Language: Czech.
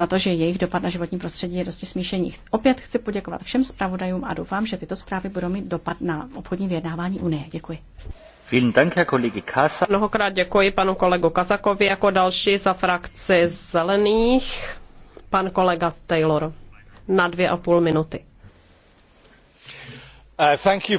na to, že jejich dopad na životní prostředí je dosti smíšený. Opět chci poděkovat všem zpravodajům a doufám, že tyto zprávy budou mít dopad na obchodní vyjednávání Unie. Děkuji. Mnohokrát děkuji panu kolegu Kazakovi jako další za frakci zelených. Pan kolega Taylor na dvě a půl minuty. Uh, you,